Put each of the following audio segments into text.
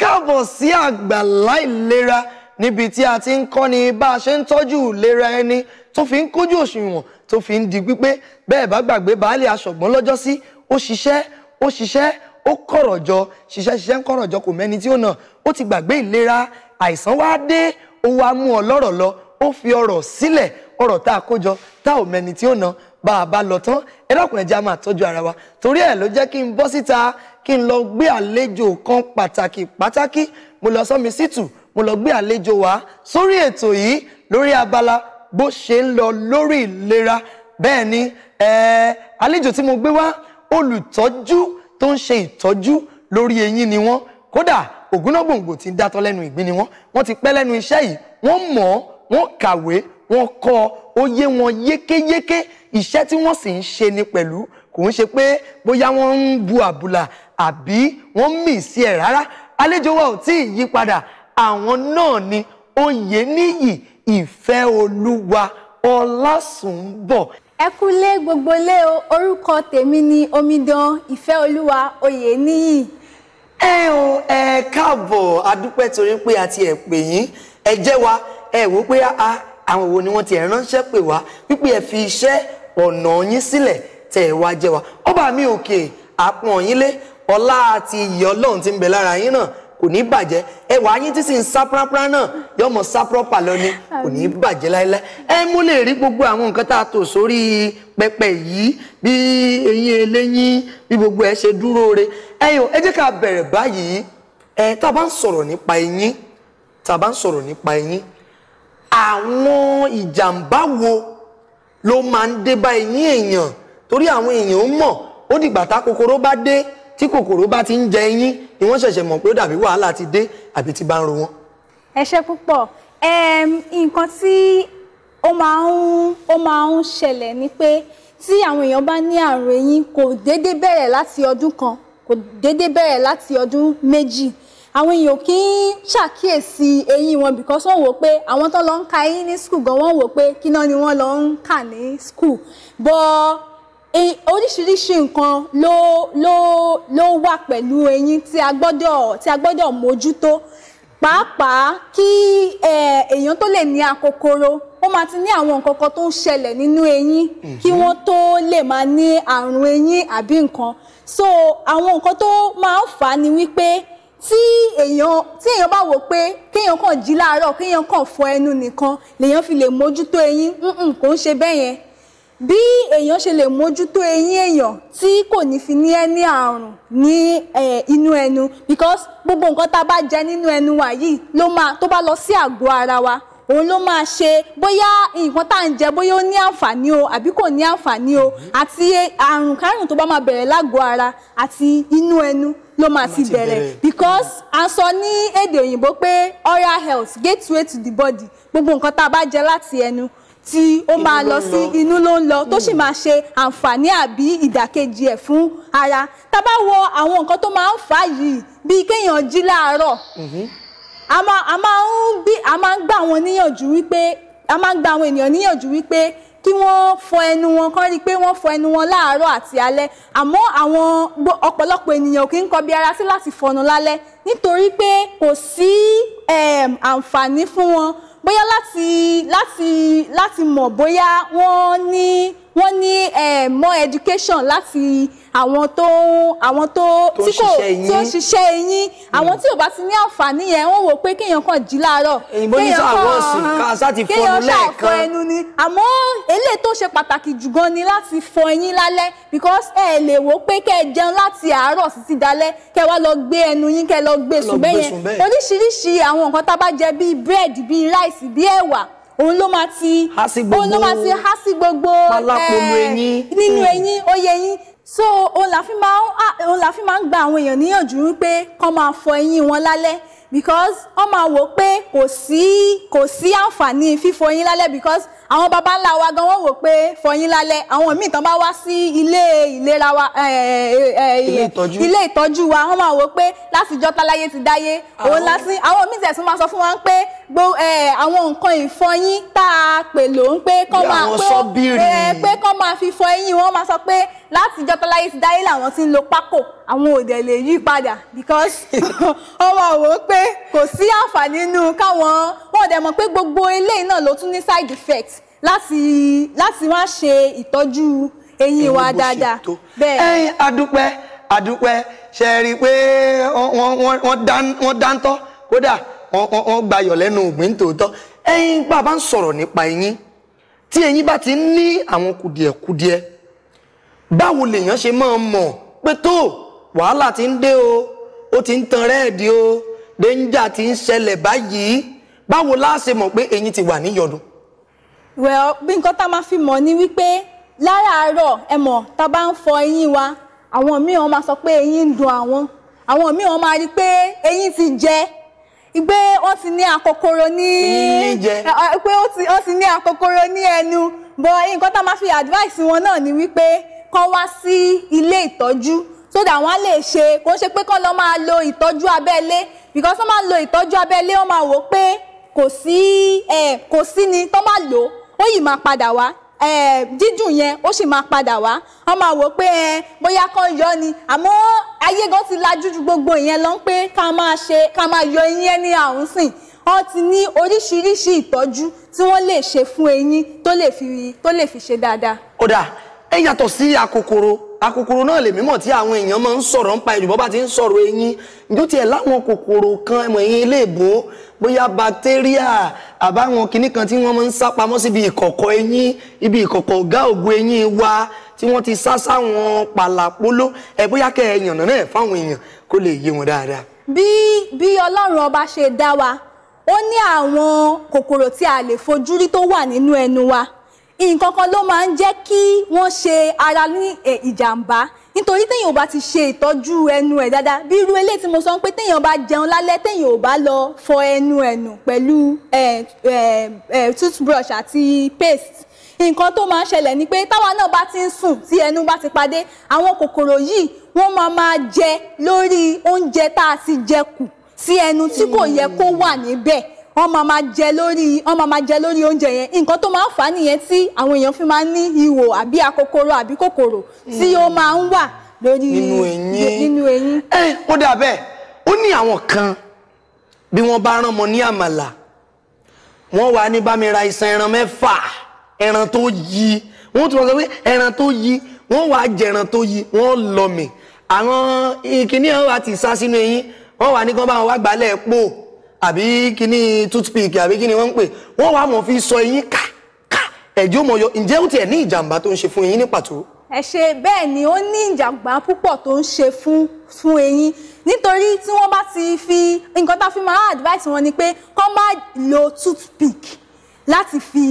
káàbọ̀ sí àgbàlá ìlera níbi tí a ti ń kọ́ni bá a ṣe ń tọ́jú ìlera ẹni tó fi ń kójú òṣùwọ̀n tó fi ń di pípé bẹ́ẹ̀ bá gbàgbé baálé aṣọ̀gbọ́n lọ́jọ́ sí ó ṣiṣẹ́ ó ṣiṣẹ́ ó kọ̀rọ̀ jọ ṣiṣẹ́ ṣiṣẹ́ ń kọ̀rọ̀ jọ kò mẹ́ni tí ó nà ó ti gbàgbé ìlera àìsàn wá dé ó wá mú ọ lọ́rọ̀ lọ ó fi ọrọ̀ sílẹ̀ ọrọ̀ tá a kó tá ò mẹ́ni tí ó nà bá a bá lọ tán ẹ dákun ẹ máa tọ́jú ara wa torí ẹ̀ ló jẹ́ kí n bọ́ síta kí n lọ gbé àlejò kan pàtàkì pàtàkì mo lọ sọmi sítù mo lọ gbé àlejò wá sórí ètò yìí lórí abala bó ṣe ń lọ lórí ìlera bẹ́ẹ̀ ni àlejò tí mo gbé wá olùtọ́jú tó ń ṣe ìtọ́jú lórí eyín ni wọ́n kódà ògúnnágbòǹgbò tí ń dátọ́ lẹ́nu ìgbín ni wọ́n wọ́n ti pẹ́ lẹ́nu iṣẹ́ yìí wọ́n mọ̀ ọ́ wọ́n kàwé wọ́n kọ́ ó yé wọn yékéyéké iṣẹ́ tí wọ́n sì ń ṣe ni pẹ̀lú kò ń ṣe pé bóyá wọ́n ń bu àbùlà àbí wọ́n mì sí ẹ̀ rárá àlejò wa ò tí ì yí padà àwọn náà ni Oyèníyì Ìfẹ́olúwa Ọlásùnbọ̀. ẹ kúlé gbogbo lé o orúkọ tèmi ni omidan Ìfẹ́olúwa Oyèníyì. ẹ o ẹ káàbọ̀ adúpẹ́ torí pé a ti ẹ̀ pè yín ẹ jẹ́ wa ẹ wò pé a àwọn wo ni wọ́n ti ẹ̀ ránṣẹ́ pè wá wípé ẹ fi iṣẹ́ ọ̀nà yín sílẹ̀ tẹ̀ wá jẹ́ wa ọba mi òkè àpọ̀n yín lé ọlá àti iyì ọlọ́run ti ń bẹ lára yín náà kò ní bàjẹ́ ẹwà yín tí sì ń sá pàápàá náà yọmọ sá pàápàá lọ ni kò ní bàjẹ́ láéláé ẹ mú lè rí gbogbo àwọn nǹkan tá a tò sórí pẹpẹ yìí bí eyín eléyín bí gbogbo ẹ ṣe dúró re ẹyọ ẹ jẹ́ ká bẹ̀rẹ̀ báyìí ẹ tá a bá ń sọ̀rọ̀ nípa eyín tá a bá ń sọ̀rọ̀ nípa eyín àwọn ìjàmbá wo ló máa ń dé bá eyín èèyàn torí àwọn èèyàn ń mọ̀ ó dìgbà tá kòkòrò bá dé tí kòkòrò bá ti ń jẹ eyín ni wọ́n ṣẹ̀ṣẹ̀ mọ̀ pé ó dàbí wàhálà ti dé àbí ti bá ń ro wọn. ẹ ṣé púpọ̀ nǹkan tí ó máa ń ó máa ń ṣẹlẹ̀ ni pé tí àwọn èèyàn bá ní àrùn eyín kò déédéé bẹ̀rẹ̀ láti ọdún kan kò déédéé bẹ̀rẹ̀ láti ọdún méjì àwọn èèyàn kì í ṣàkíyèsí eyín wọn because wọ́n wò pé àwọn tó lọ ń ka eyín ní school gan wọ́n wò pé kí náà ni wọ́n lọ ń kà ní school but oríṣiríṣi nǹkan ló ló ló wà pẹ̀lú eyín tí a gbọ́dọ̀ tí a gbọ́dọ̀ mójútó pàápàá kí èèyàn tó lè ní akokoro ó máa ti ní àwọn nǹkan kan tó ń ṣẹlẹ̀ nínú eyín kí mhm. wọ́n tó lè máa ní àrùn eyín àbí nǹkan so àwọn nǹkan tó máa ń fà á ni wípé tí èèyàn tí èèyàn bá wò pé kéèyàn kàn jí láàárọ̀ kéèyàn kàn fọ ẹnu nìkan lèèyàn fi lè mójútó eyín kò ń ṣe bẹ́ẹ̀ yẹn bí èèyàn ṣe lè mójútó eyín èèyàn tí kò ní fi ní ẹni àrùn ní inú ẹnu because gbogbo nǹkan tá a bá jẹ nínú ẹnu wa yìí ló máa tó bá lọ sí àgọ́ ara wa òun ló máa ṣe bóyá nǹkan tá à ń jẹ bóyá ó ní àǹfààní o àbí kò ní àǹfààní o àti àrùn kárùn tó bá máa bẹ̀rẹ̀ lágọ̀ọ́ ara àti inú ẹnu ló máa ti bẹ̀rẹ̀ because a sọ ní èdè òyìnbó pé oral health gateway to the body gbogbo nǹkan tá a bá jẹ láti ẹnu tí ó máa lọ sí inú ló ń lọ tó sì hmm. máa ṣe àǹfààní àbí ìdàkejì ẹ̀ fún ara tá bá wo àwọn nǹkan tó máa ń fà á yìí bíi kéèyàn jí láàárọ̀ hmm. a máa ń gbà wọn níyànjú wípé a máa ń gba àwọn ènìyàn níyànjú wípé kí wọ́n fọ ẹnu wọn kán rí i pé wọ́n fọ ẹnu wọn láàárọ̀ àti alẹ́ àmọ́ àwọn ọ̀pọ̀lọpọ̀ ènìyàn kì í kọbi ara sí láti fọnu lálẹ́ nítorí pé kò sí àǹfààní fún wọn bóyá láti láti láti mọ̀ bóyá wọ́n ní wọ́n ní eh, more education láti àwọn tó àwọn tó tí kò tó ṣiṣẹ́ eyín àwọn hmm. tí ò bá ti ní àǹfààní yẹn wọ́n wò pé kéèyàn kan jí láàárọ̀ kéèyàn kan kéèyàn ṣàfọ ẹnu ni àmọ́ eléyìí tó ṣe pàtàkì jù gan ni láti fọ eyín lálẹ́ because ẹ lè wò pé kẹ́ ẹ jẹun láti àárọ̀ títí dalẹ́ kẹ́ wá lọ gbé ẹnu yín kẹ́ lọ gbé sùn bẹ́yẹn oríṣiríṣi àwọn nǹkan tá a bá jẹ bíi búrẹ́dì bíi ráìsì bíi ẹ̀wà òun ló máa ti òun ló máa ti há sí gbogbo eh, nínú hmm. eyín oyè yín so ah, òun la fi máa ń gba àwọn èèyàn níyànjú wípé kó máa fọ eyín wọn lálẹ́ because wọ́n máa wò pé kò sí kò sí àǹfààní fífọyín lálẹ́ because àwọn baba ńlá wa gan wọ́n wò pé fọyín lálẹ́ àwọn míì tán bá wá sí ilé ìlera wa ilé ìtọ́jú wa wọ́n máa wò pé látijọ́ táláyé ti dáyé òun lásì àwọn míì tẹ̀sán máa sọ fún wa pé gbó àwọn nǹkan ìfọyín tá a pè ló ń pé kọ́ máa pé máa fi fọ eyín wọn máa sọ pé láti ìjọ tọ́láyé ti dáyé làwọn ti ń lo pákò àwọn òdè lè yí padà because ọmọ wò ó pé kò sí àǹfààní nínú káwọn wọn dẹ̀ mọ̀ pé gbogbo eléyìí náà ló tún ní side effect láti láti wá ṣe ìtọ́jú eyín wa dáadáa bẹ́ẹ̀. ẹyin adúpẹ́ adúpẹ́ ṣe rí i pé wọ́n dáńtọ́ kódà wọ́n gbayọ̀ lẹ́nu ògbìn tòótọ́ ẹyin bàbá ń sọ̀rọ̀ nípa eyín tí eyín bá ti ní àwọn kùdìẹ̀kùdìẹ báwo lèèyàn ṣe máa mọ̀ pé tó wàhálà ti ń dé o ó ti ń tan rẹ́ẹ̀dì o dẹ́njà ti ń ṣẹlẹ̀ báyìí báwo la ṣe mọ̀ pé eyín ti wà níyọdún. well bí nǹkan tá a máa fi mọ̀ ni wípé láràárọ̀ ẹ mọ̀ tá a bá ń fọ eyín wa àwọn míì wọn máa sọ pé eyín ń dùn àwọn àwọn míì wọn máa rí i pé eyín ti jẹ ìgbé wọ́n ti ní akokoro ní pé wọ́n ti ní akokoro ní ẹnu bọ nǹkan tá a fi advice wọn náà ni wípé kó wá sí ilé ìtọ́jú so da wọ́n á se ṣe kó ṣe pé kó lọ lo ìtọ́jú abele, because wọ́n máa lo ìtọ́jú abẹ́lé wọ́n máa wò ó pé kò sí kò sí ni tó máa lò ó yìí máa padà wá dídùn eh, yẹn ó sì máa padà wá wọ́n máa wò pé eh, bóyá kan yọ ni àmọ́ ayé gan ti lajú ju gbogbo ìyẹn lọ pé ká máa ṣe ká máa yọ eyín ẹ ní àrùn sìn wọ́n ti ní oríṣiríṣi ìtọ́jú tí wọ́n lè ṣe fún eyín tó lè fi tó lè fi ṣe dáadáa. ó ẹ yàtọ̀ sí akòkòrò akòkòrò náà lè mímọ̀ tí àwọn èèyàn máa ń sọ̀rọ̀ ń pa ìjùbọ́ bá ti ń sọ̀rọ̀ eyín ìjó tiẹ̀ láwọn kòkòrò kan ẹ̀mọ̀ eyín iléèbó bóyá batéríà àbáwọn kinní kan tí wọ́n máa ń sá pamọ́ síbi ìkọ̀kọ̀ eyín ibi ìkọ̀kọ̀ ọ̀gá ògùn eyín wa tí wọ́n ti sá sáwọn pàlàpóló ẹ̀ bóyá kẹ́ ẹ yànnà náà fáwọn èèyàn kó lè yé wọn dáadáa. bí bí ọlọ́run ọba ṣe dá wa ó ní àwọn kòkòrò tí a lè fojú rí tó wà nínú ẹnu wa nǹkan kan ló máa ń jẹ́ kí wọ́n ṣe ara ní eh, ìjàmbá nítorí téèyàn ò bá ti ṣe ìtọ́jú ẹnu ẹ̀ dáadáa bí irú eléyìí tí mo sọ pé téèyàn bá jẹun lálẹ́ téèyàn ò bá lọ fọ ẹnu ẹnu pẹ̀lú eh, eh, toothbrush àti paste nǹkan tó máa ń ṣẹlẹ̀ ni pé táwa náà bá ti ń sùn tí ẹnu bá ti padé àwọn kòkòrò yìí wọ́n máa máa jẹ lórí oúnjẹ tá a ti jẹ kù sí ẹnu tí kò yẹ kó wà níbẹ̀ wọ́n máa máa jẹ lórí wọ́n máa máa jẹ lórí oúnjẹ yẹn nǹkan tó máa ń fà á nìyẹn tí àwọn èèyàn fi máa ń ní ihò àbí akokoro àbí kòkòrò tí ó máa ń wà lórí nínú eyín. ẹ ó dà bẹ́ẹ̀ ó ní àwọn kan bí wọ́n bá rán mọ ní àmàlà wọ́n wà ní bá ra iṣan ẹran mẹ́fà ẹran tó yí wọ́n tún wọ́n sọ pé ẹran tó yí wọ́n wà jẹran tó yí wọ́n lọ mì àwọn ìkíní àwọn àti ìsá sínú eyín wọ́n wà ní kán bá wá gbálẹ̀ pò àbí kíní toothpick àbí kíní wọ́n ń pè wọ́n wàá mọ̀ fi sọ eyín ká ká ẹ̀jẹ̀ ó mọ̀ yọ ǹjẹ́ ó tiẹ̀ ní ìjàmbá tó ń ṣe fún eyín ní pàtó. ẹ ṣe bẹ́ẹ̀ ni ó ní ìjàmbá púpọ̀ tó ń ṣe fún fún eyín nítorí tí wọ́n bá ti fi nǹkan tá a fi máa advice wọn ni pé kó má lo toothpick láti fi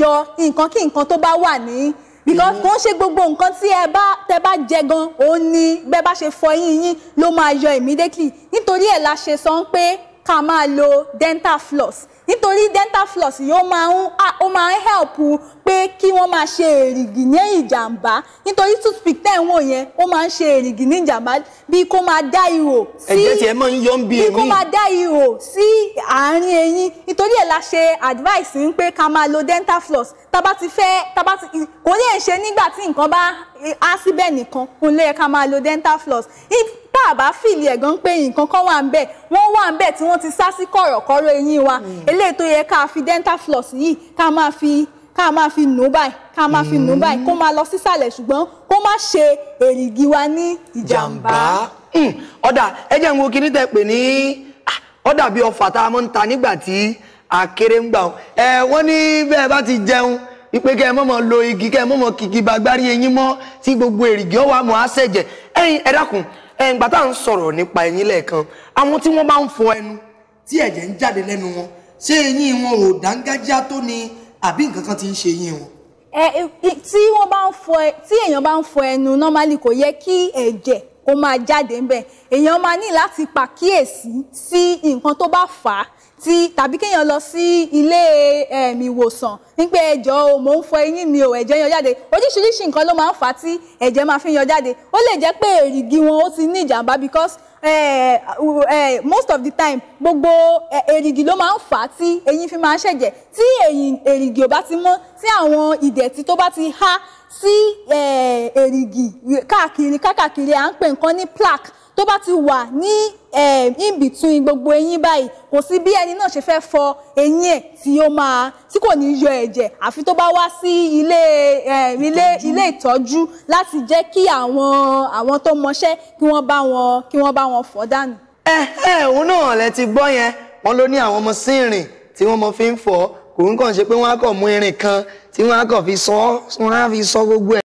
yọ nǹkan kí nǹkan tó bá wà ní because kò ń ṣe gbogbo nǹkan tí ẹ bá tẹ bá jẹ gan òun ni bẹ bá ṣe fọ eyín yín ló máa yọ immediately nítorí ẹ̀ la ṣe sọ pé ká máa lo dental floss nítorí dental floss yìí ó máa ń ó máa ń help pé kí wọ́n máa ṣe èrìgì ní ìjàmbá nítorí toothpick tẹ̀ ń wò yẹn ó máa ń ṣe èrìgì ní ìjàmbá bí kó máa dá ihò sí ẹ̀jẹ̀ tiẹ̀ máa ń yọ ń bí èmi bí kó máa dá ihò sí àárín eyín nítorí ẹ̀ la ṣe advice ń pé ká máa lo dental floss tábà ti fẹ́ tábà ti kò ní ẹ̀ ṣe nígbà tí nǹkan bá á síbẹ̀ nìkan òun ló ká máa lo dental floss tá a bá fìlì ẹ̀gán pé nǹkan kan wà ń bẹ̀ wọ́n wà ń bẹ̀ tí wọ́n ti sá sí kọ̀rọ̀kọ̀rọ̀ eyín wa hmm. eléyìí tó yẹ ká fi dental floss yìí ká máa fi ká máa fi nù báyìí ká máa fi nù hmm. báyìí kó máa lọ sísàlẹ̀ ṣùgbọ́n kó má ṣe èrìgì wa ní ìjàmbá. Hmm. ọ̀dà ẹ ń wo kíní tẹ́ pè ní ah, ọ̀dà bíi ọfà tá a máa ń ta nígbà tí akéré ń gbà ọ́ ẹ wọ́n ní bẹ́ẹ̀ bá ti jẹun ìpè kẹ́ ẹ mọ̀mọ́ lo igi kẹ́ ẹ mọ̀mọ́ kìkì bàgbárí eyín mọ́ tí gbogbo èrìgì ọ̀wà mọ́ á ṣẹ̀jẹ̀ ẹ̀yin ẹ ẹ̀ǹgbà tá à ń sọ̀rọ̀ nípa eyín lẹ́ẹ̀kan àwọn tí wọ́n bá ń fọ ẹnu tí ẹ̀jẹ̀ ń jáde lẹ́nu wọn ṣé eyín wọn ò dáńgájíá tó ni àbí nǹkan kan ti ń ṣe eyín wọn. ẹ tí wọ́n bá ń fọ tí èèyàn bá ń fọ ẹnu normally kò yẹ kí ẹ̀jẹ̀ kó máa jáde ńbẹ̀ èèyàn máa ní láti pàkíyèsí sí nǹkan tó bá fà á ti tàbí kéèyàn lọ sí ilé ìwòsàn nígbà ẹ̀jọ̀ o mò ń fọ eyín mi o ẹ̀jẹ̀ yan jáde oríṣiríṣi nǹkan ló máa ń fà á tí ẹ̀jẹ̀ máa fi yan jáde ó lè jẹ́ pé èrìgì wọn ó ti ní ìjàmbá because Eh, most of the time gbogbo èrìgì ló máa ń fà á tí eyín fi máa ń ṣẹ̀jẹ̀ tí èrìgì ò bá ti mọ́ tí àwọn ìdẹ̀tí tó bá ti há sí èrìgì káàkiri káàkiri à ń pè nǹkan ní plaque tó bá ti wà ní eh, in between gbogbo eyín báyìí kò sí bí ẹni náà ṣe fẹ́ fọ eyín ẹ̀ tí ó máa tí kò ní yọ ẹ̀jẹ̀ àfi tó bá wá sí ilé eh, ilé ilé ìtọ́jú láti jẹ́ kí àwọn àwọn tó mọṣẹ́ kí wọ́n bá wọn kí wọ́n bá wọn fọ̀ dànù. ẹ eh, ẹ òun náà lẹ ti gbọ́ yẹn wọn ló ní àwọn ọmọ sínrìn tí wọ́n mọ fi ń fọ̀ kò ń kàn ṣe pé wọ́n á kàn mú irin kan tí wọ́n á kàn fi sọ wọ́n á fi sọ gbogbo ẹ̀.